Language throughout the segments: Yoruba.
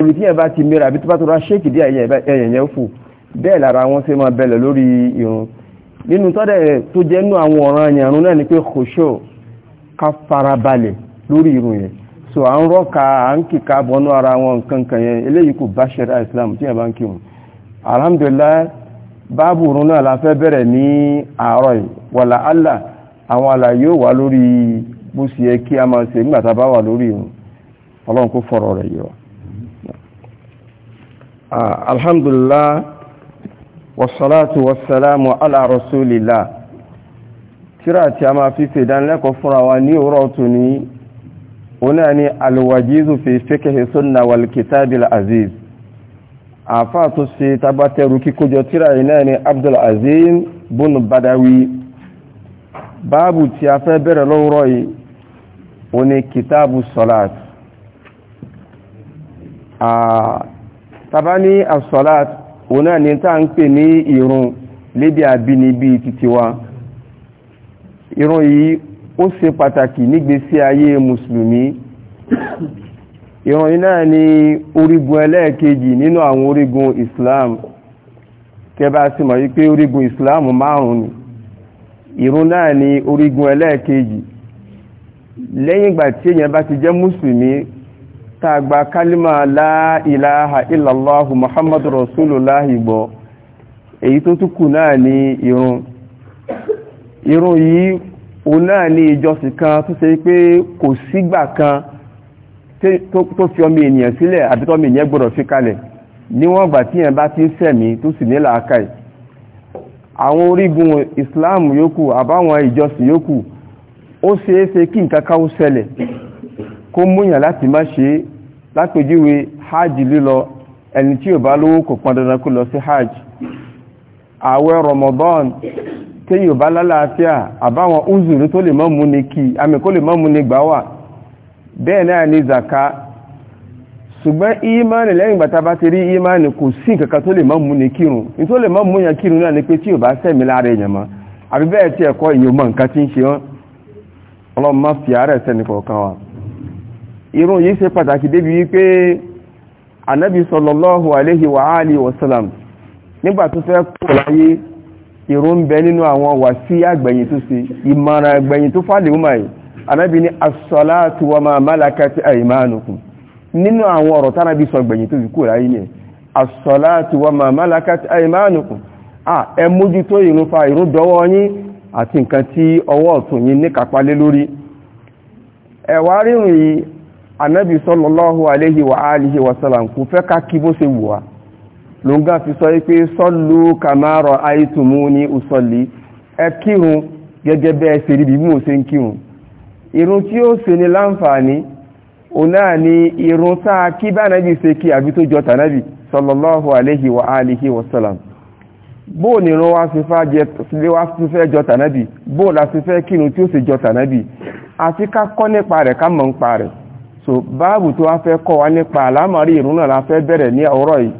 ibi tí yẹn bá ti mìíràn àbí tó bá tó rá ṣéèkì díẹ̀ ẹ̀yẹ̀ yẹn fò bẹ́ẹ̀ lára wọn ṣe máa bẹ̀lẹ̀ lórí irun nínú tọ́dẹ̀ tó jẹ́ nú àwọn ọ̀ràn ìyàrún náà ni pé kòṣó ká farabalẹ̀ lórí irun yẹn so à ń rọ́ka à ń kíka bọ́nú ara wọn nǹkan yẹn eléyìí kò bá ṣẹ̀rá Islam tí yẹn bá ń kírun alhamdulillah báàbù irun náà la fẹ́ bẹ̀rẹ̀ ní àárọ̀ yìí wàlà allah àwọn àlàyé ò wá lórí bó ṣe yẹ kí a máa ṣe nígbà tá a bá wà lórí irun ọlọ́run kò fọ̀rọ̀ rẹ̀ yìí wá Ah, alhamdulillah wasalatu wasalamu ala rasulillah tírà tí a máa fi fèdánlẹ́kọ̀ọ́ fúnra wa ní òwúrọ̀ tó ní oná ní alwajizu fi fíkẹ̀ẹ́ sunna wal kitabil aziz àfáà tó ṣe tabbatẹ̀rù kíkójọ tírà iná ní abdul aziz bun badawi báàbù tí a fẹ́ bẹ̀rẹ̀ lọ́wọ́rọ̀ yìí oní kitabu salat ah, tàbá ní as-salat òun náà ní tá ń pè ní ìrun lédè àbínibí títí wa ìrun yìí ó ṣe pàtàkì nígbésí ayé mùsùlùmí ìrun yìí náà ní orígun ẹlẹ́ẹ̀kejì nínú àwọn orígun Islam kẹba sí mọ̀ wípé orígun Islam márùn-ún ni ìrun náà ní orígun ẹlẹ́ẹ̀kejì lẹ́yìn ìgbà tí èèyàn bá ti jẹ́ mùsùlùmí tàgbà kálímà la ilaha illallahu muhammadu rasulullahi gbọ́ èyí tó túkù náà ni irun irun yìí o náà ni ìjọsìn kan tó se pé kò sígbà kan tó fi ọmọ ènìyàn sílẹ̀ àbí tọ́mọ ènìyàn gbọ́dọ̀ fi kalẹ̀ níwọ̀n ìgbà tí yẹn bá ti sẹ̀mí tó sì ní làákàì àwọn orígun islam yòókù àbáwọn ìjọsìn yòókù ó o se kí nǹkan nkaka ó kó múyàn láti má ṣe lápèjúwe hajj lílọ ẹni tí ò bá lówó kò pọn dandan kó lọ sí hajj ààwẹ̀ Ramadan tí ò bá lálàáfíà àbáwọn uzuru tó lè mọ́mú ní kí àmì kó lè mọ́mú ní gbà wà bẹ́ẹ̀ náà ní zaka ṣùgbọ́n ìmánì lẹ́yìn gbàtà bá ti rí ìmánì kò sí kankan tó lè mọ́mú ní kírun ní tó lè mọ́mú yàn kírun náà ni pé tí ò bá sẹ́mi lára èèyàn mọ́ àbí bẹ́ẹ̀ tí ẹ̀kọ́ ìyẹn nǹkan tí ń ṣe wọ́n ọlọ́run má fi àárẹ̀ sẹ́nìkọ̀ọ̀kan wa irun yìí ṣe pàtàkì débi wípé anábi sallallahu aléhi wa áàlì wasalam nígbà tó fẹ́ kó láyé irun ń bẹ nínú àwọn wà sí àgbẹ̀yìn tó ṣe ìmọ̀ràn àgbẹ̀yìn tó fàlẹ̀ ọmọ yìí anábi ni as-salatu wa ma malakat aymanukum nínú àwọn ọ̀rọ̀ tánábi sọ gbẹ̀yìn tó fi kó láyé ni as-salatu wa ma malakat aymanukum ah ẹ mójútó irun fa irun dọwọ́ yín àti nǹkan tí ọwọ́ ọ̀tún yín ní kápálé lórí ẹ̀wà rírùn yìí anábì sallallahu aléhi wa alihi wa sallam kò fẹ́ ká kí bó ṣe wù wá ló ń gá fi sọ pé sallu kama ra'aytumuni usalli ẹ kírun gẹ́gẹ́ bẹ́ẹ̀ ṣe rí bí mo ṣe ń kírun irun tí ó ṣe ní láǹfààní òná ni irun sáà kí bá náàbì ṣe kí àbí tó jọ tànábì sallallahu aléhi wa alihi wasalam bóò ni irun wá sí fẹ́ jọ tànábì bóò la sí fẹ́ kírun tí ó sì jọ tànábì àti ká kọ́ nípa rẹ̀ ká mọ̀ ń rẹ̀ so báàbù tó wá fẹ́ kọ́ wa nípa àlámọ̀rí ìrun náà la fẹ́ bẹ̀rẹ̀ ní ọ̀rọ̀ yìí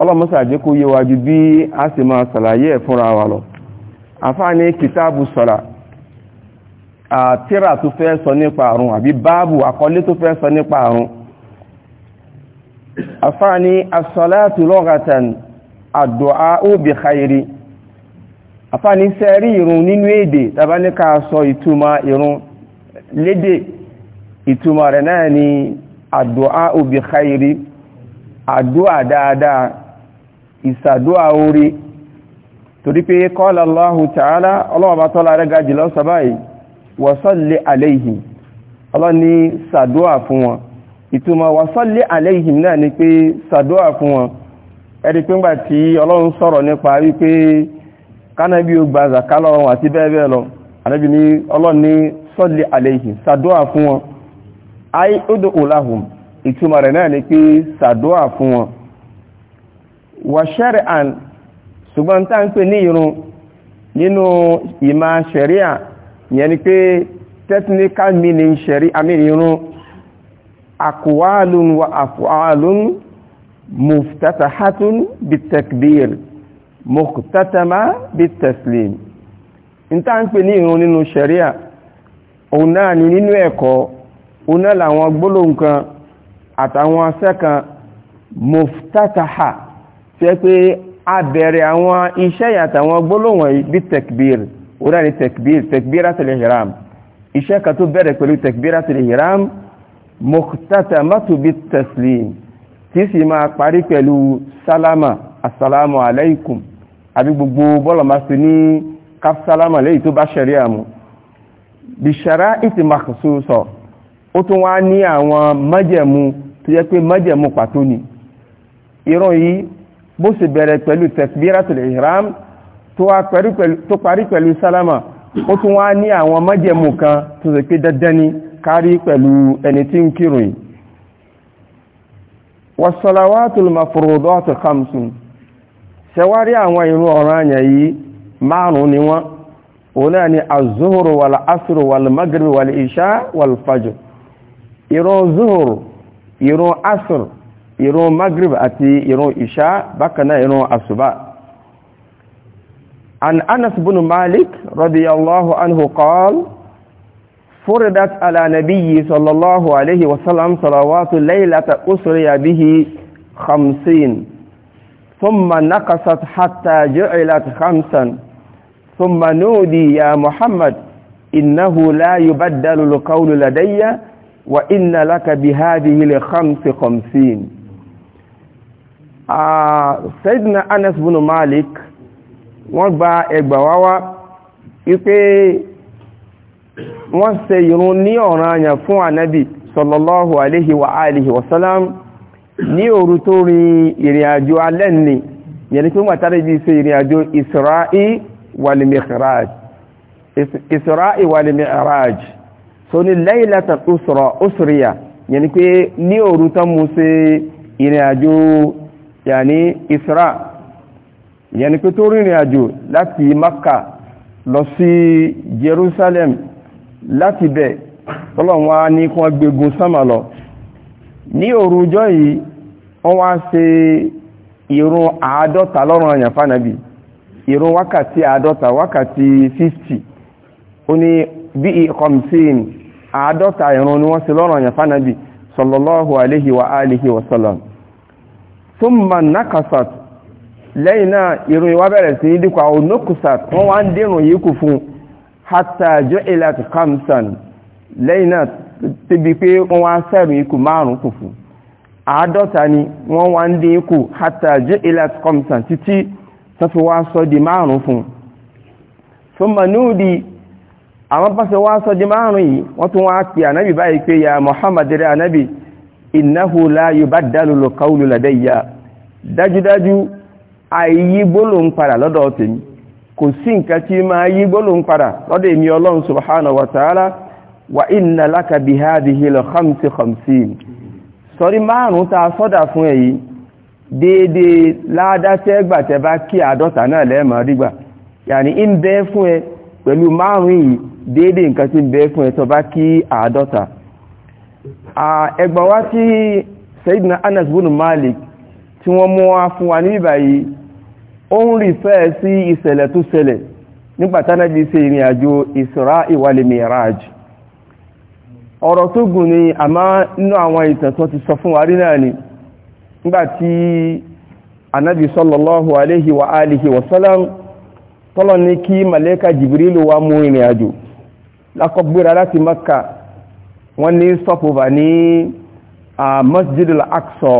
ọlọ́mọ́sà jẹ́ kó yé wa ju bí a sì máa ṣàlàyé ẹ̀ fúnra wa lọ àfáà ní kìtáàbù sọ̀rà àtírà tó fẹ́ sọ nípa àrùn àbí báàbù àkọlé tó fẹ́ sọ nípa àrùn àfáà ní asọ́láàtù lọ́gàtàn khairi àfáà ní sẹ́rí ìrun nínú èdè tàbáníkà sọ ìtumọ̀ ìrun lédè ìtumọ̀ rẹ̀ náà ni àdúà òbí khairi àdúà dáadáa ìsàdúà orí torí pé qala Allahu ta'ala ọlọ́wọ́bá tọ́lá rẹ̀ ga jùlọ sọ́báyì wa salli alayhim ọlọ́ni sàdúà fún wọn ìtumọ̀ wa salli alayhim náà ni pé sàdúà fún wọn ẹ̀rí pé ńgbà tí ọlọ́run sọ̀rọ̀ nípa wípé kánàbí ó gba àti bẹ́ẹ̀ bẹ́ẹ̀ lọ ànábì ọlọ́ni salli alayhim sàdúà fún wọn ai odo ulahum ìtumọ̀ rẹ̀ náà ni pé sàdúà fún wọn wà ṣẹ́rìàn ṣùgbọ́n tá ń pè ní irun nínú ìmá ṣẹ̀ríà yẹn ni pé technical meaning ṣẹ̀rí àmìrì irun akwalun wa af'alun muftatahatun bitakbir muqtatama bitaslim n tá ń pè ní irun nínú ṣẹ̀ríà òun náà ni nínú ẹ̀kọ́ oná làwọn gbólóhùn kan àtàwọn asẹ́ kan muftataha tí ẹ pé a bẹ̀rẹ̀ àwọn iṣẹ́ àtàwọn gbólóhùn wọ̀nyí bí tekbir oná ní tekbir tekbiratul ihram iṣẹ́ kan tó bẹ̀rẹ̀ pẹ̀lú tekbiratul ihram mukhtatamatu bit taslim tí sì máa parí pẹ̀lú sálámà assalamu alaikum àbí gbogbo bọ́lọ̀má sí ní káfsálámà lẹ́yìn tó bá ṣẹ̀rí àmú bishara iti makhsuso ó tún wá ní àwọn májẹ̀mú tó yẹ pé májẹ̀mú pàtó ni ìrun yìí bó sì bẹ̀rẹ̀ pẹ̀lú takbiratul ihram tó parí pẹ̀lú sálámà ó tún wá ní àwọn májẹ̀mú kan tó yẹ pé dandan ni kárí pẹ̀lú ẹni tí ń kírun yìí wasalawatul ni wọ́n òun ni az-zuhru wal-asru wal-maghrib wal-isha wal-fajr ìrun zuhur ìrun asr ìrun maghrib àti ìrun isha bákanáà ìrun asuba an anas bin malik radiyallahu anhu قال فردت على نبي صلى الله عليه وسلم صلوات الليلة أسري به خمسين ثم نقصت حتى جعلت خمسا ثم نودي يا محمد إنه لا يبدل القول لدي wa inna laka bihadhihi li khamsi khamsin ah sayyidina Anas bin Malik wọ́n gba ẹgbà wá wá wípé wọ́n ṣe ìrun ní ọ̀ranyàn fún ànábì sallallahu alaihi wa alihi wa salam ní òru tó rí ìrìn àjò alẹ́ ni yẹni pé wọ́n tàbí bí ṣe ìrìn àjò Isra'i wal Mi'raj Isra'i wal Mi'raj tó ní laylata usriya yẹni pé ní òru tán mú sí ìrìn àjò yàní isra yẹni pé tó rìnrìn àjò láti maka lọ sí jerusalem láti bẹ̀ tọ́lọ̀wọ́n wá ní kí wọ́n gbégun sánmà lọ ní òru ọjọ́ yìí wọ́n wá ṣe ìrun àádọ́ta lọ́rùn àyàn fánàbí wákàtí àádọ́ta wákàtí 50 ó ní bí i àádọ́ta ìrun ni wọ́n ṣe lọ́rọ̀ yẹn fánàbí sallallahu wa alihi wa sallam thumma lẹ́yìn náà ìrun ìwá bẹ̀rẹ̀ sí ní díkọ̀ àwọn wọ́n wá ń dínrùn yìí kù fún kamsan lẹ́yìn náà ti bí pé wọ́n wá sẹ́rùn ikú márùn kù fún àádọ́ta ni wọ́n wá ń dín ikú hatta kamsan títí tó fi di márùn fún àwọn pàṣẹ wá sọ di márùn yìí wọ́n tún wá pè ànábì báyìí pé ya Muhammad rẹ̀ ànábì innahu la yubaddalu l-qawlu ladayya dájúdájú àìyí gbólóhùn padà lọ́dọ̀ tèmi kò sí nǹkan tí máa yí gbólóhùn padà lọ́dọ̀ èmi ọlọ́run subhanahu wa ta'ala wa bẹ́ fún ẹ pẹ̀lú márùn-ún yìí déédéé nǹkan tí ń fún ẹ̀tọ́ bá kí àádọ́ta ẹgbà tí Anas bin Malik tí wọ́n mú wá fún wa níbí báyìí ó ń rí fẹ́ sí ìṣẹ̀lẹ̀ tó ṣẹlẹ̀ ìrìn àjò Isra'i wal Mi'raj ti alihi tọ́lọ̀ ní kí màlẹ́kà jìbìrìlù wá mú ìrìn àjò lákọgbéra láti Makka wọ́n ní stopover ní Masjid al-Aqsa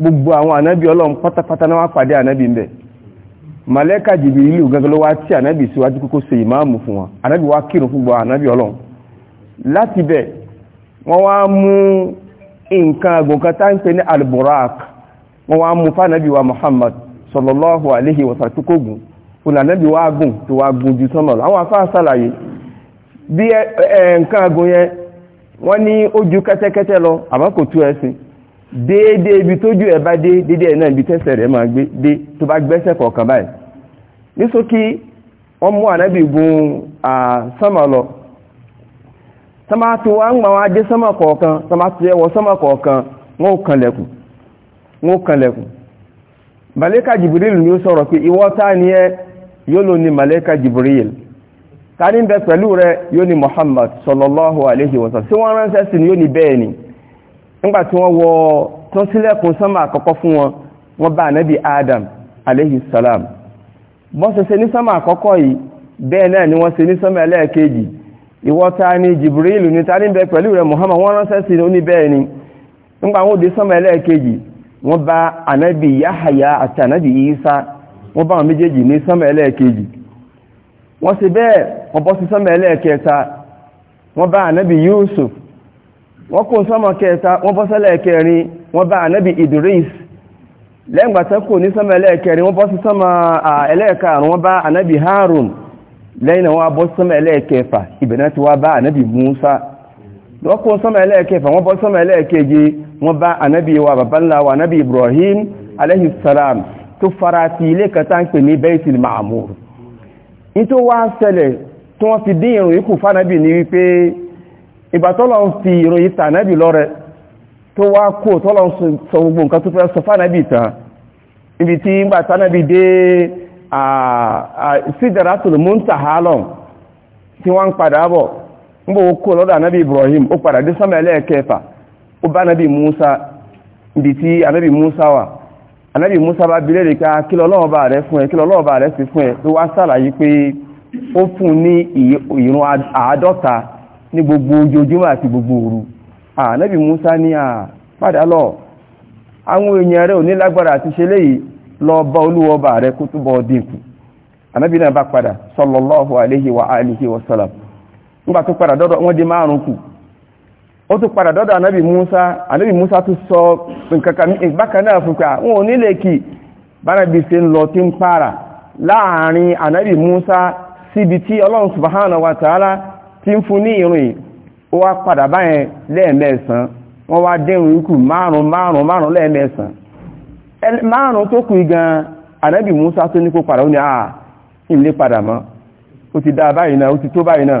gbogbo àwọn ànábì ọlọ́run pátápátá náà wá pàdé ànábì ń bẹ̀ màlẹ́kà jìbìrìlù gẹ́gẹ́ ló wá tí ànábì síwájú kókó ṣe ìmáàmù fún wọn ànábì wá kírun fún gbogbo ànábì ọlọ́run láti bẹ̀ wọ́n wá mú nǹkan àgùnkan tá ń pè ní al-Buraq wá mú fánàbì wa Muhammad sallallahu alaihi wa sallam fúlànẹ́bí wá gùn tó wá gùn ju sánmà àwọn afá bí nǹkan agùn yẹn wọn ní ó ju lọ àmọ́ kò tú ẹṣin déédé ibi tójú ẹ bá dé déédé ẹ̀ náà ibi tẹ́sẹ̀ rẹ̀ máa gbé dé tó bá gbẹsẹ kọ̀ọ̀kan báyìí mú ànábì gun lọ tó ń gbà wọn adé wọ kọọkan wọn ò wọn ò màlẹ́kà yóò lò ní malaika jibril tani bẹ pẹ̀lú rẹ̀ yóò muhammad sallallahu aleyhi wasallam tí wọn ránṣẹ́ sí ni yóò ní bẹ́ẹ̀ ni nígbà tí wọ́n wọ tó sánmà fún adam alaihi salam bọ́n ṣe ṣe ní sánmà yìí náà ni wọ́n ṣe ní sánmà jibril ni ta bẹ muhammad sí ni ní ni nígbà wọn ò sánmà bá wọ́n bá wọn méjèèjì ní sánmà ẹlẹ́ẹ̀kejì wọ́n sì bẹ́ẹ̀ wọ́n bọ́ sí sánmà ẹlẹ́ẹ̀kẹta wọ́n bá Yusuf wọ́n kó sánmà kẹta wọ́n bọ́ sẹ́lẹ̀ẹ̀kẹrin wọ́n bá ànábì Idris lẹ́gbàtà kò ní sánmà ẹlẹ́ẹ̀kẹrin wọ́n bọ́ sí sánmà ẹlẹ́ẹ̀karùn wọ́n bá Harun lẹ́yìn náà wọ́n bọ́ sí sánmà ẹlẹ́ẹ̀kẹfà bá Musa wọ́n sánmà ẹlẹ́ẹ̀kẹfà wọ́n bọ́ sánmà ẹlẹ́ẹ̀keje wọ́n bá wa Ibrahim alayhi salam tó farati ilé kan ń pè ní Baitul ní tó wá wọ́n fi dín ìròyìn kù fánàbì ní wípé ìbátọ́lọ̀ ń fi ìròyìn tànàbì rẹ tó wá kó tọ́lọ̀ ń sọ gbogbo nǹkan tó fẹ́ sọ fánàbì ibi tí ń gbà tánàbì dé Sidratul tí wọ́n ń padà bọ̀ ń bò kó lọ́dọ̀ Ibrahim ó padà dé ẹlẹ́ẹ̀kẹfà ó bá Musa ibi tí Musa wà anabi musa bá bi léèrè ká ah, kí lọ́lọ́wọ́ bá rẹ̀ fún ẹ kí lọ́lọ́wọ́ bá rẹ̀ sí fún ẹ ló wá sàlàyé pé ó fún ní ìrun àádọ́ta ní gbogbo ojoojúmọ́ àti gbogbo òru musa ní à padà lọ àwọn èèyàn rẹ ò ní lágbára àti ṣe léyìí lọ bá kó túbọ̀ dínkù náà bá padà wa alihi wa nígbà tó padà dọ́dọ̀ wọ́n di ó tún padà dọ́dọ̀ anábì Musa anábì Musa tún sọ nǹkankan ìgbákan náà fún pé àwọn ah, onílé kì bánàbí ṣe ń lọ tí ń pààrà láàrin anábì Musa síbi tí Ọlọ́run subhanahu wa ta'ala ti ń fún ní ìrìn ó wá padà báyẹn lẹ́ẹ̀mẹ́sàn wọ́n wá dẹ́rùn ikú márùn márùn márùn lẹ́ẹ̀mẹ́sàn márùn tó kù gan anábì Musa tó ní kó padà ó ní àà ah, ìlé padà mọ́ ó ti dá báyìí náà ó ti tó báyìí náà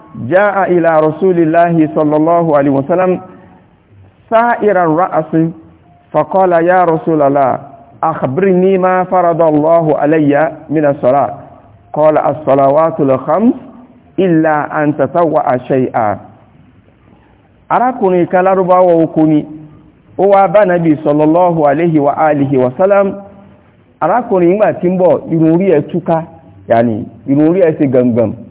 jaa ila rasulillahi sallallahu alaihi wasallam sa'iran ra'si faqala ya rasulallah akhbirni ma farada Allahu alayya min as-salat qala as-salawatul khams illa an tatawwa shay'a arákùnrin kan lárúbáwọ̀ oko ni ó wá bá nàbí sallallahu alayhi wa alihi wa salam arákùnrin ìgbà tí ń bọ̀ irun orí ẹ̀ túká yàní irun orí ẹ̀ ṣe gangan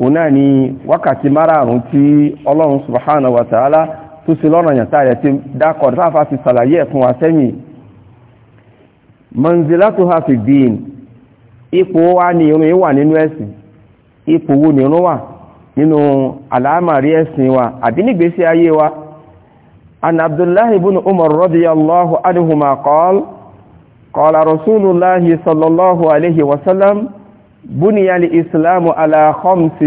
òun náà ni wákàtí márààrún tí ọlọ́run subhanahu wa ta'ala tó ṣe lọ́nà yàn táyẹ̀ ti dákọ̀ sáfà ti sàlàyé ẹ̀fún wa sẹ́yìn fi din ipò wa ni irun wà nínú ẹ̀sìn ipò wo ni irun wà nínú àlàámàrí ẹ̀sìn wa àbí nígbésí ayé wa an abdullahi ibn umar radiyallahu anhuma qala qala rasulullahi sallallahu alayhi wa sallam بني الإسلام على خمس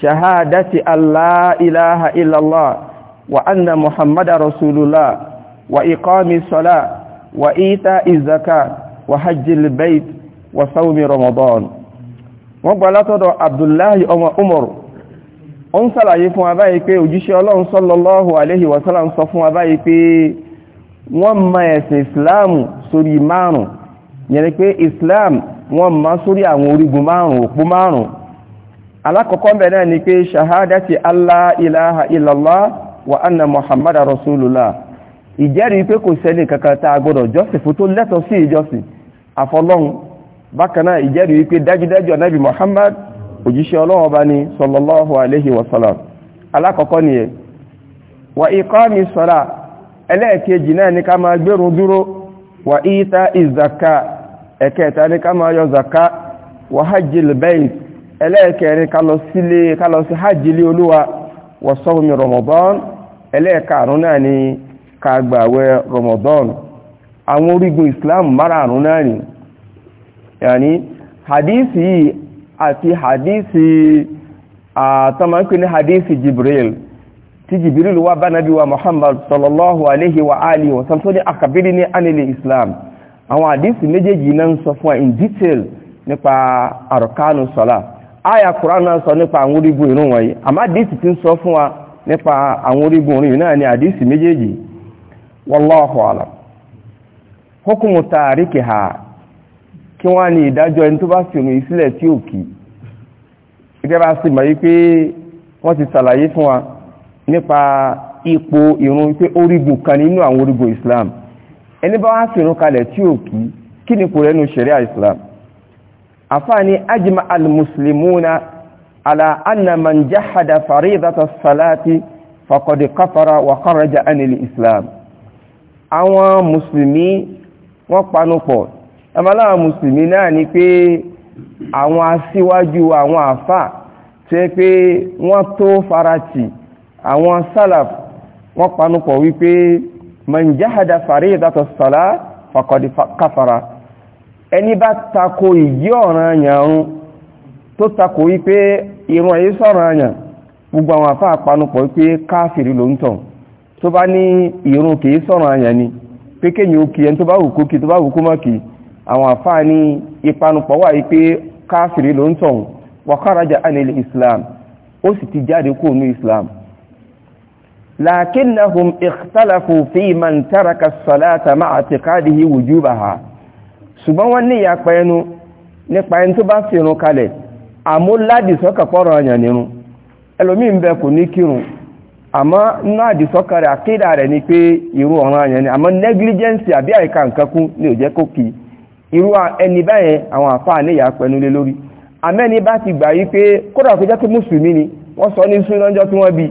شهادة الله إله إلا الله وأن محمد رسول الله وإقام الصلاة وإيتاء الزكاة وحج البيت وصوم رمضان وبلغ عبد الله أم عمر صلى ń sàlàyé fún wa báyìí pé òjíṣẹ́ ọlọ́run sallallahu alaihi wasallam sọ fún wa báyìí pé wọ́n ma ẹ̀sìn wọ́n ma sórí àwọn orígun márùn-ún òpó márùn-ún alákọ̀ọ́kọ́ bẹ̀ náà ni pé ṣahádàtì allah ilaha illallah wa anna muhammad rasulullah ìjẹ́rìí pé kò sẹ́ni kankan tá a gbọ́dọ̀ jọ́sìn fún tó lẹ́tọ̀ sí ìjọ́sìn àfọlọ́hun bákan náà pé dájúdájú ẹ̀kẹta ní ká máa yọ zaka wà hajjil bayt ẹlẹ́ẹ̀kẹrin ká lọ sílé ká lọ sí hajjilé olúwa wà sọ́wọ́mi ramadan ẹlẹ́ẹ̀karùn náà ni ká gbàwẹ̀ ramadan àwọn orígun islam márààrún náà ni yàní hadisi yìí àti hadisi àtàmàkì ní hadisi jibril tí jibril wá bá nabi wa muhammad sallallahu alaihi wa alihi wa sallam tó ní akabiri ní anilé islam àwọn àdísì méjèèjì náà ń sọ fún wa in detail nípa àrùkánu àyà Kùránì náà sọ nípa àwọn orígun irun wọ̀nyí àmọ́ àdísì ti ń sọ fún nípa àwọn orígun ìrun náà àdísì méjèèjì wallahu hukumu tarikiha kí ní ẹni tó bá fi tí ò kí bá sì wípé wọ́n ti ṣàlàyé fún wa nípa ipò pé orígun Islam ẹni bá wá fìrún kalẹ̀ tí ò kí kí ni kò rẹnu sharia islam àfáàní ajima al-muslimuna ala anna man jahada faridata salati faqad kafara wa kharaja anil islam àwọn muslimi wọ́n panupọ̀ ẹmọ́láwọn muslimi náà ni pé àwọn asíwájú àwọn àfà tí ó pé wọ́n tó farati àwọn salaf wọ́n panupọ̀ wípé man jahada faridata sala faqad kafara ẹni bá tako ìjí ọ̀ràn yàrún tó tako wípé irun ẹ̀yí sọ̀ràn yàn gbogbo àwọn àfá àpanupọ̀ wípé káàfìrí ló ń tàn tó bá ní irun kìí sọ̀ràn yàn ni pé kéyìn ó kìí ẹni tó bá wùkú kìí tó bá wùkú mọ́ kìí àwọn àfá ní ìpanupọ̀ wà wípé káàfìrí ló ń wa kharaja anil islam ó sì ti jáde kúrò ní islam lakinnahum ikhtalafu fi man taraka as-salata ma'a i'tiqadihi wujubaha ṣùgbọ́n wọ́n ní ìyapa ẹnu nípa ẹni tó bá fìrun kalẹ̀ àmúládì sọ́kà pọ́rọ̀ ọ̀yàn nírun ẹlòmí ń bẹ kò ní kírun àmọ́ náà àdìsọ́kà rẹ̀ àkídà rẹ̀ ni pé irú ọ̀ràn ọ̀yàn ni àmọ́ negligence àbí àìka nǹkan kún ní òjẹ́ kó kí irú ẹni báyẹn àwọn àfáà ní ìyapa ẹnu lé lórí àmẹ́ni bá ti gbà yí pé kódà kó jẹ́ pé mùsùlùmí ni wọ́n sọ ní sún lọ́jọ́ tí wọ́n bíi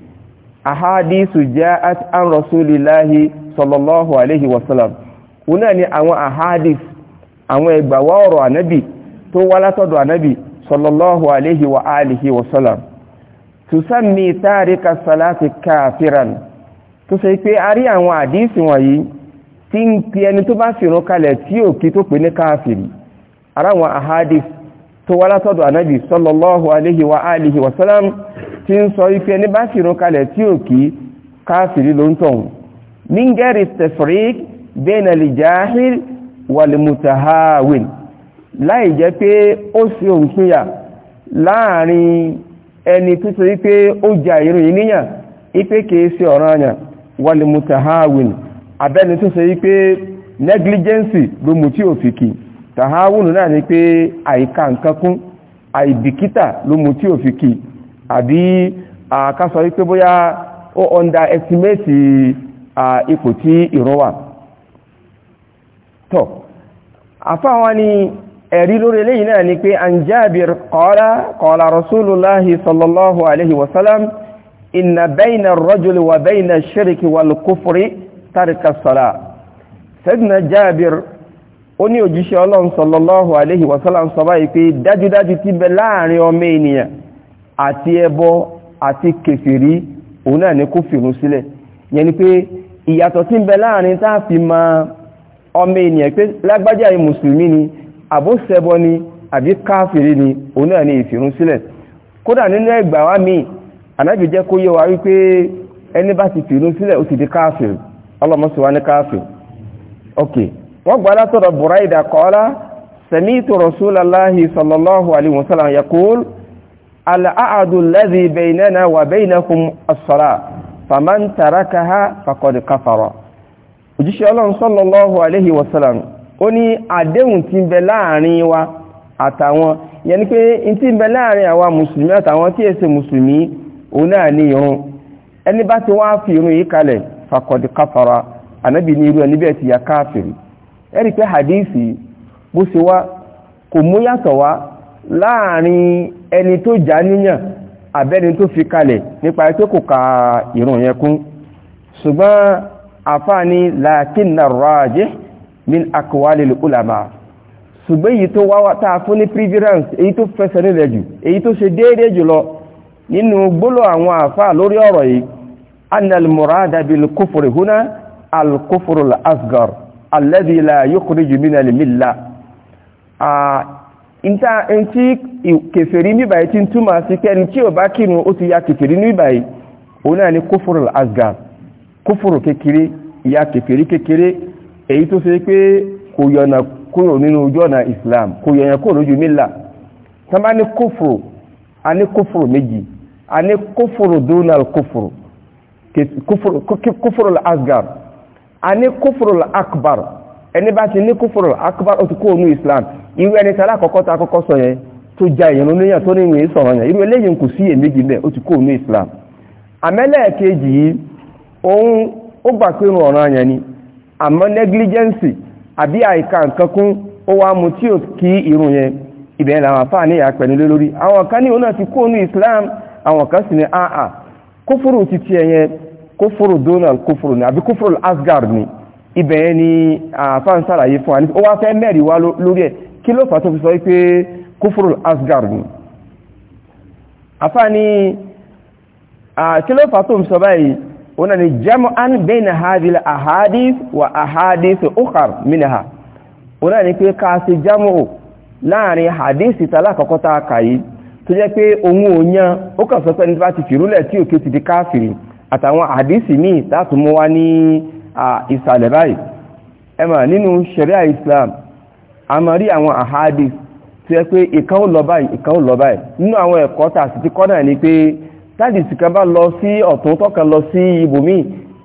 ahadisu ja'at an rasulillahi sallallahu alaihi wasallam una ni àwọn ahadis àwọn egba wa ọ̀rọ̀ ànábì tó wá látọ̀dọ̀ ànábì sallallahu alaihi wa alihi wasallam tusammi tarika salati kafiran tó ṣe pé ari àwọn hadis wọ̀nyí tin pè ẹni tó bá firun kalẹ̀ tí o ki tó pè ní kafiri ara àwọn ahadis tó wá látọ̀dọ̀ ànábì sallallahu alaihi wa alihi wasallam tí ń sọ ife ẹni bá ṣìrún kalẹ̀ tí ò kí káàfìrí ló ń tọ̀hún níngẹ́rì tẹ̀fẹ̀rík bẹ́ẹ̀nà lè jáhìl wàlìmùtàháwìn láì jẹ́ pé ó sì òun pínyà láàrin ẹni tó sọ wípé ó jà ìrun yìí níyàn kìí sí ọ̀ràn àyàn wàlìmùtàháwìn abẹ́ni tó sọ wípé negligence ló mú tí ò fi kì tàháwùn náà ni pé àìka nǹkan kún àìbìkítà ló mú tí ò fi kì àbí ká sọ wípé bóyá ó underestimate ipò tí ìrun wà tọ́ àfáwọn ni ẹ̀rí lórí eléyìí náà ni pé an Jabir qala qala rasulullahi sallallahu alaihi wasallam inna bayna ar wa bayna ash-shirki wal-kufri tarika sala. salah sayyidina Jabir ó ní òjíṣẹ́ ọlọ́run sallallahu alaihi wasallam sọ báyìí pé dájúdájú ti bẹ láàrin ọmọ ènìyàn àti ẹbọ àti kèfèrí òun náà ní kó fìrún sílẹ̀ yẹn ni pé ìyàtọ̀ tí ń bẹ láàrin tá a fi ma ọmọ ènìyàn pé lágbájá yìí mùsùlùmí ni ni àbí káfìrí ni òun náà ní ìfìrún sílẹ̀ kódà nínú ẹgbà ànábì jẹ́ kó yé wa ẹni ní káfìrí ok wọ́n gbà látọ̀dọ̀ Buraida qala العهد الذي بيننا وبينكم الصلاة فمن تركها فقد كفر òjíṣẹ́ Ọlọ́run sallallahu alaihi wasallam ó ní àdéhùn tí ń bẹ láàrin wa àtàwọn yẹn ni pé in tí ń bẹ láàrin àwa mùsùlùmí àtàwọn tí èsè mùsùlùmí òun náà ní irun ẹni bá ti wá fi irun yìí kalẹ̀ faqad kafara ànábì ní irú ẹni bẹ́ẹ̀ ti ya káàfìrì ẹ̀rí pé hadisi bó ṣe wá kò mú yàtọ̀ wá láàrin ẹni tó já níyàn àbẹ́ni tó fi kalẹ̀ nípa tó kò ka ìrun yẹn kún ṣùgbọ́n àfáàní lakinna rajih min aqwalil ulama ṣùgbọ́n èyí tó wáwá tàà fún ní preference èyí tó fẹsẹ̀ nílẹ̀ jù èyí tó ṣe déédé jùlọ nínú gbólò àwọn àfá lórí ọ̀rọ̀ yìí annal murada bil kufri huna al kufru al asghar alladhi la yukhriju min al milla nta tí kèfèrí ní ìbàyí tí ń túmọ̀ sí nti tí ya kèfèrí ní ìbàyí òun na ni asgar kófòrò kékeré ya kèfèrí kékeré èyí tó ṣe pé kò yọ̀nà kúrò nínú ojú ọ̀nà Islam kò yọ̀nà kúrò lójú mílà ní a méjì a a akbar ẹni bá ti akbar ti kó Islam irú ẹni tí alákọ̀ọ́kọ́ ta kọ́kọ́ sọ yẹn tó ja èèyàn lóníyàn tó ní ìwé sọ̀rọ̀ yẹn irú eléyìí kò sí èméjì bẹ́ẹ̀ o ti kó ní Islam àmẹ́lẹ́ẹ̀kejì yìí òun ó gbà pé irun ọ̀ràn yẹn ni àmọ́ negligence àbí àìka nǹkan kún ó wá mu tí ò kí irun yẹn ibẹ̀ làwọn afáà ní lórí àwọn kan ní òun náà ti kó ní Islam àwọn kan sì ní àà kófòrò yẹn kófòrò kí ló fà tó fi sọ wípé kúfúrú asgar ni afá ni kí ló fà tó fi sọ báyìí wọn ni jam'an bayna hadhihi ahadith wa ahadith ukhar minha wọn ni pé ká sí jam'u láàrin hadithi talákọ̀ọ́kọ́ta kàyí tó jẹ́ pé ohun òyàn ó kàn sọ pé ní bá ti fìrúlẹ̀ tí òkè ti di káàfìrí àtàwọn hadithi míì látùmọ́ wá ní ìsàlẹ̀ báyìí ẹ̀mà nínú sharia islam a máa rí àwọn àhádì tí ẹ pé ìkan ò lọ báyìí ìkan ò lọ báyìí nínú àwọn ẹ̀kọ́ tà sí ti kọ́ náà ni pé tádìsì kan bá lọ sí ọ̀tún tọ́kan lọ sí ibòmíì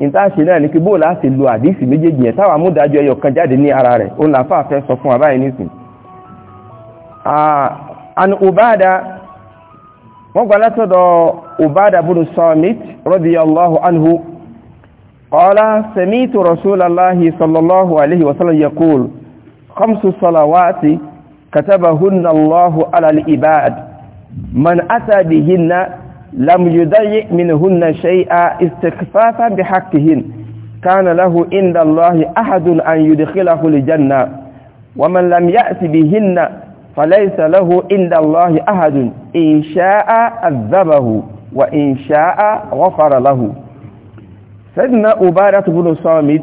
ìtaṣe náà ní kí bóò láti lo àdìsì méjèèjì yẹn táwọn amúdájọ ẹyọ kan jáde ní ara rẹ̀ òun làfáà fẹ́ sọ fún àbáyé nísìn an ubada wọ́n gba látọ̀dọ̀ ubada bùnú samit radiyallahu anhu qala sami'tu rasulallahi sallallahu alaihi wasallam yaqul خمس صلوات كتبهن الله على العباد من أتى بهن لم يضيع منهن شيئا استخفافا بحقهن كان له عند الله أحد أن يدخله الجنة ومن لم يأت بهن فليس له عند الله أحد إن شاء عذبه وإن شاء غفر له سيدنا أبارة بن صامت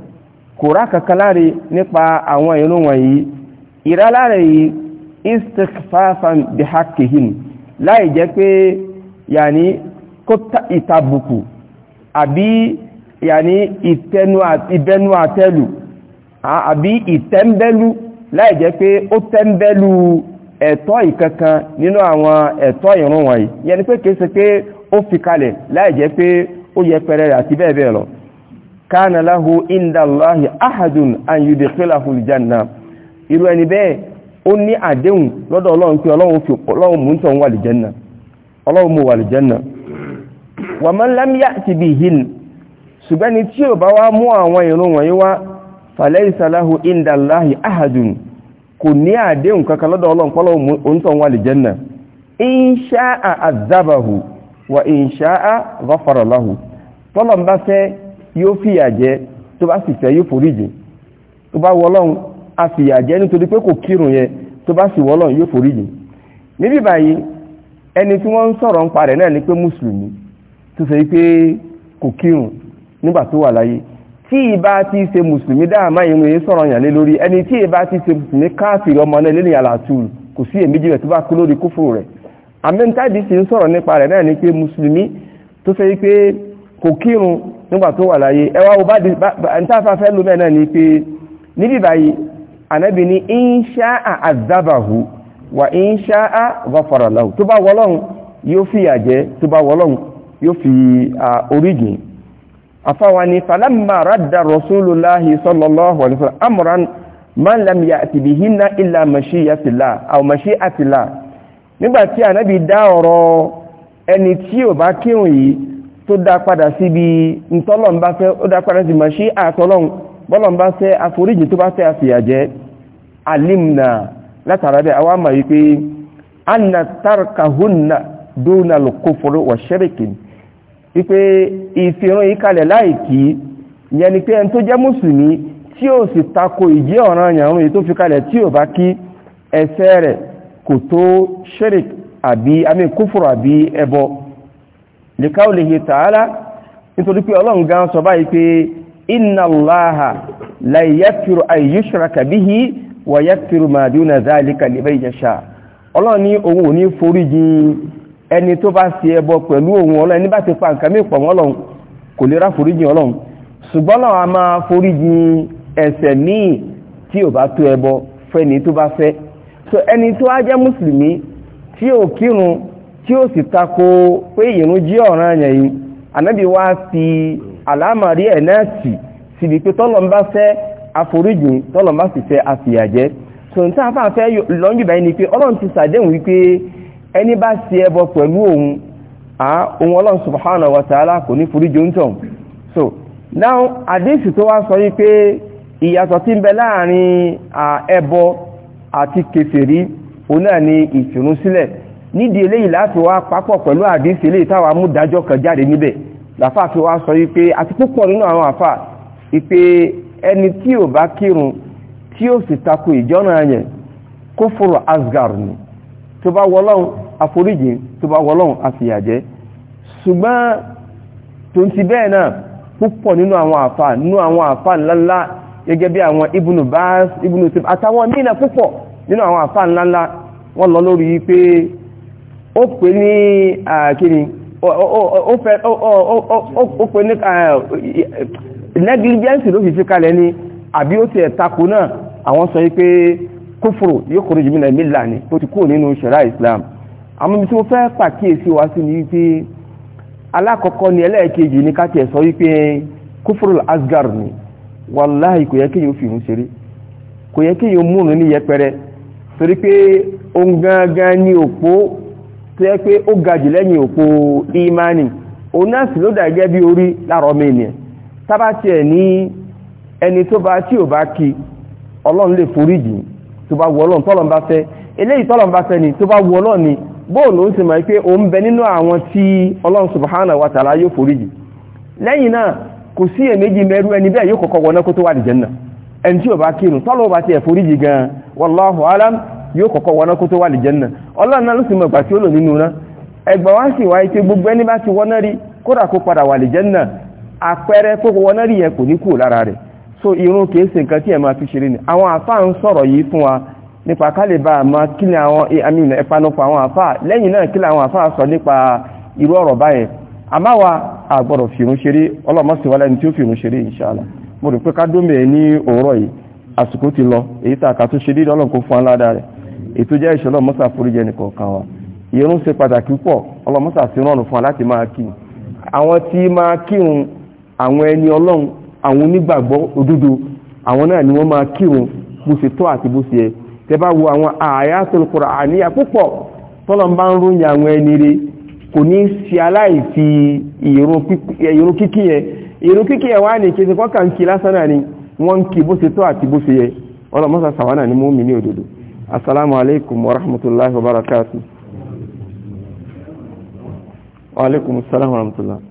kò rá kankan láre nípa àwọn ìrun wọ̀nyí ìráláre yìí istikfafan bihakihin láì jẹ́ pé yàní kó ìtàbùkù àbí yàní ìbẹnu àtẹ́lù àbí ìtẹ́mbẹ́lú láì jẹ́ pé ó tẹ́mbẹ́lú ẹ̀tọ́ ìkankan nínú àwọn ẹ̀tọ́ ìrun wọ̀nyí yẹni pé kìí ṣe pé ó fi kalẹ̀ láì jẹ́ pé ó yẹpẹrẹ àti bẹ́ẹ̀ bẹ́ẹ̀ lọ kana lahu inda Allahi ahadun an yudkhilahu aljanna irú ẹni bẹ́ẹ̀ ó ní àdéhùn lọ́dọ̀ Ọlọ́run pé Ọlọ́run fi Ọlọ́run mú ton wà aljanna Ọlọ́run mú wà aljanna wa man lam ya'ti bihin subani tí ó bá wá mú àwọn ìrun wọ̀nyí wá falaysa lahu inda Allahi ahadun kò ní àdéhùn kankan lọ́dọ̀ Ọlọ́run pé mú on wà aljanna in sha'a azabahu wa in sha'a tọ́lọ̀ ń bá fẹ́ yóò fìyà jẹ tó bá sì fẹ́ yóò foríjì tó bá wọlọ́run a fìyà jẹ nítorí pé kò kírun yẹn tó bá sì wọlọ́run yóò foríjì níbí báyìí ẹni tí wọ́n ń sọ̀rọ̀ nípa rẹ̀ náà ni pé mùsùlùmí tó sọ pé kò kírun nígbà tó wà láyé tí ìbá ti ṣe mùsùlùmí dáàmá ìrun yìí sọ̀rọ̀ yàn lé lórí ẹni tí ìbá ti ṣe mùsùlùmí káàfì ọmọ náà lẹ́yìn àlàtúrù kò sí èméjì rẹ̀ tó bá kú lórí kúfùrù rẹ̀ àmẹ́ntàdì sì ń sọ̀rọ̀ nípa rẹ̀ náà ni pé mùsùlùmí tó sọ pé kò kírun nígbà tó wà láyé ẹwà ọba ìtafà fẹ́ lómẹ́ náà ni pé níbi báyìí ànábì ní inṣáà azabahu wà inṣáà ghafara lahu tó bá wọ́lọ́hun yóò fi àjẹ́ tó bá wọ́lọ́hun yóò fi orígìn afáwa ni falamma radda rasulullahi sallallahu alaihi wasallam amran man lam ya'ti bihinna illa mashi'atillah aw mashi'atillah nígbà tí ànábì dá ọ̀rọ̀ ẹni tí ò bá kírun yìí tó dá padà síbi ntọ́lọ́n bá fẹ́ ó dá padà sí màṣí àtọ́lọ́n bọ́lọ́n bá fẹ́ àforíjì tó bá fẹ́ àfìyàjẹ́ alimna látara bẹ́ẹ̀ àwa mọ̀ wípé anna tarkahunna dúnà lókòfòrò wà ṣẹ́rìkìn wípé ìfihàn yìí kalẹ̀ láìkí pé ẹni tó jẹ́ mùsùlùmí tí ó sì tako ìjẹ́ ọ̀ràn yàrún èyí tó fi kalẹ̀ tí bá kí rẹ̀ kò tó àbí àbí ẹbọ likaulihi ta'ala nítorí pé ọlọ́run gan sọ báyìí pé inna allaha la yaghfiru an yushraka bihi wa yaghfiru ma duna dhalika liman yasha ọlọ́run ní òun ò ní foríjìn ẹni tó bá ṣe ẹbọ pẹ̀lú òun ọlọ́run ẹni bá ti pa nǹkan mìí pọ̀ mọ́ ọlọ́run kò lè rá foríjìn ọlọ́run ṣùgbọ́n náà a máa tí ó sì tako pé ìrún jí ọ̀ranyàn yìí ànábì wá fi àlámàrí ẹ̀ náà sì síbi pé tọ́lọ̀ ń bá fẹ́ àforíjìn tọ́lọ̀ ń bá sì fẹ́ àfìyàjẹ́ tò ní táàfà fẹ́ lọ́njú báyìí ni pé ọlọ́run ti sàdéhùn wípé ẹni bá ṣe ẹbọ pẹ̀lú òun à òun ọlọ́run subhanahu wa ta'ala kò ní foríjìn tàn so now àdéhùn tó wá sọ wípé ìyàtọ̀ tí ń bẹ láàrin ẹbọ àti kèfèrí òun náà ni ìfìrúnsílẹ̀ nídìí eléyìí láti wá papọ̀ pẹ̀lú àdísì eléyìí mú dájọ́ kan jáde níbẹ̀ làfà fi wá sọ wípé àti púpọ̀ nínú àwọn àfà wípé ẹni tí ò bá kírun tí ó sì tako ìjọ́nà yẹn kó fòrò asgar ni tó bá àforíjì tó bá àfìyàjẹ́ ṣùgbọ́n tó ti bẹ́ẹ̀ náà púpọ̀ nínú àwọn àfà àwọn àfà ńláńlá gẹ́gẹ́ bí àwọn àtàwọn mí ó pè ní àkíní ó pè ní negligence ló fi fi kalẹ̀ ní àbí ó ti ẹ̀takù náà àwọn sọ wípé kófòrò yóò kòrò jùmínà mílà ní tó ti kúrò nínú ṣẹ̀rá Islam àmọ́ tí ó fẹ́ pàkíyèsí wá sí ní wípé alákọ̀ọ́kọ́ ni ẹlẹ́ẹ̀kejì ní káti ẹ̀ wípé kófòrò asgar ni wàláhì kò yẹ kí yóò fi hùn ṣeré kò yẹ kí yóò múnú ní yẹpẹrẹ torí pé ohun gangan ní òpó tó yẹ pé ó ga lẹ́yìn òpó imani òun náà sì ló dà gẹ́gẹ́ bí orí láàrọ̀ ọmọ ènìyàn tábà tiẹ̀ ní ẹni tó bá tí ò bá kí ọlọ́run lè forí jì tó bá wù ọlọ́run tọ́lọ́n bá fẹ́ eléyìí tọ́lọ́n bá fẹ́ ni tó bá wù ọlọ́run ni bóòlù ó sì mọ̀ pé òun bẹ nínú àwọn tí ọlọ́run subhanahu wa ta'ala yóò forí jì lẹ́yìn náà kò sí èméjì mẹ́rú ẹni bẹ́ẹ̀ yóò kọ́kọ́ wọná kó tó wà dìjẹ́ náà ẹni tí ò bá kírun tọ́lọ́ wallahu alam yóò kọ́kọ́ wọná kó tó wà lìjẹ́nà ọlọ́run náà ló sì mọ̀ ìgbà tí ó lò nínú náà ẹgbà wá sì wáyé tí gbogbo ẹni bá ti wọná rí kódà kó padà wà lìjẹ́nà àpẹẹrẹ kó wọná rí yẹn kò ní kú lára rẹ̀ so irun kìí ṣe nǹkan tí ẹ̀ máa fi ṣeré ni àwọn àfáà ń sọ̀rọ̀ yìí fún wa nípa kálíbà máa kí ni àwọn amínà ẹpanupọ̀ àwọn àfáà lẹ́yìn náà kí làwọn àfáà sọ nípa irú ọ̀rọ̀ báyẹn àmáwa àgbọ̀rọ̀ fìrún ṣeré ọlọ́mọ́síwálẹ́ ni tí ó fìrún ṣeré inshallah mo rò pé ká dómẹ̀ ní òwúrọ̀ yìí àsìkò ti lọ èyí tààkà tó ṣe dídọ́lọ́kó fún aládàá rẹ̀ ètò jẹ́ ìṣọ́lọ mọ́sà foríjẹ nìkọ̀ọ̀kan wa irun ṣe pàtàkì pọ̀ ọlọ́mọ́sà sí rọrùn fún wa máa kí àwọn tí máa kírun àwọn ẹni ọlọ́run àwọn onígbàgbọ́ àwọn náà ni wọ́n máa kírun bó ṣe tọ́ àti bó ṣe yẹ wo àwọn àyàtul Qur'aniyya eh, ni ọlọ́mọ́sà sàwánà ni mú mi assalamu alaikum wa rahmatullahi wa barakatuh wa alaikum assalamu wa rahmatullah hmm.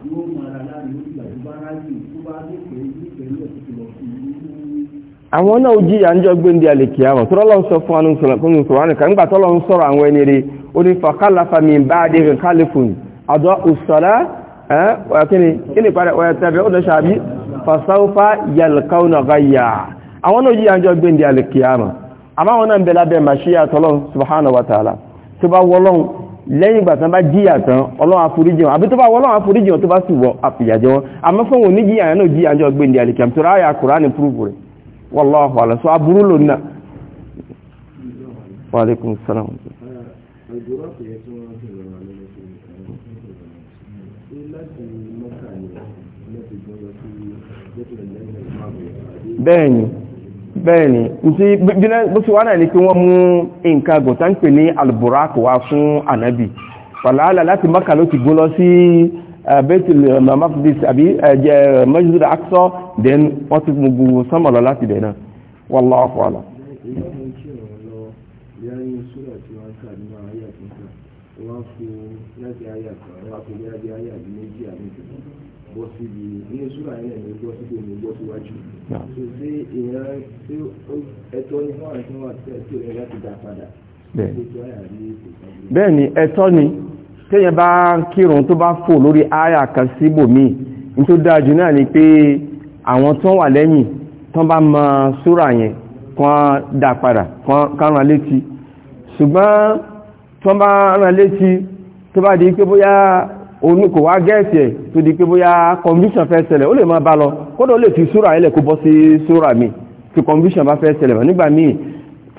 Àwọn ọmọ ara láàrin ó ti gbàdúgbà rájì àwọn náà ó jíyà ń jọ gbé ní alèkè àwọn tó lọ́lọ́ ń sọ fún anú sọ̀rọ̀ sọ̀rọ̀ kan nígbà tó lọ́ ń sọ̀rọ̀ àwọn ẹni rí ó ní fàkàlàfà mi bá dé rìn kálífùn àdọ́ òṣàlá ẹ̀kíni kí ni parẹ́ ọ̀yà tẹ̀rẹ̀ ọ̀dọ̀ ṣàbí fasáúfà yalkauna subhanahu wa ta'ala tó bá wọlọ́n lẹ́yìn ìgbà tán bá jíyà tán ọlọ́run àforíjì wọn àbí tó bá wọlọ́run àforíjì wọn tó bá sì wọ àfìyàjẹ́ wọn wallahu ala so aburú ló náà wa alaikum salam bẹ́ẹ̀ni bẹ́ẹ̀ni tí bó ṣe wá náà ní kí wọ́n mú nǹkan gọ̀tá ń pè ní alburak fún ànábì fàlàálà láti Mákà ló ti gún lọ sí Uh, bẹ́tìlì ọ̀nà uh, mafdis àbí ẹ̀jẹ̀ uh, Masjid al-Aqsa then wọ́n ti gbogbo sánmà lọ láti bẹ̀ náà wọ́n ti tẹ̀ sí ẹ̀yà ti dá bẹ́ẹ̀ ni ẹ̀tọ́ ni téèyàn bá kírun tó bá fò lórí àyà kan síbòmí ní tó dájú náà ni pé àwọn tó wà lẹ́yìn tó bá mọ súrà yẹn kan dá padà kan rán létí ṣùgbọ́n tó bá rán létí tó bá di pé bóyá òun kò wá gẹ́ẹ̀sì ẹ̀ tó di pé bóyá conviction fẹ́ ṣẹlẹ̀ ó lè máa bá lọ kódà lè fi súrà yẹn bọ́ sí súrà mi tí conviction bá fẹ́ ṣẹlẹ̀ nígbà míì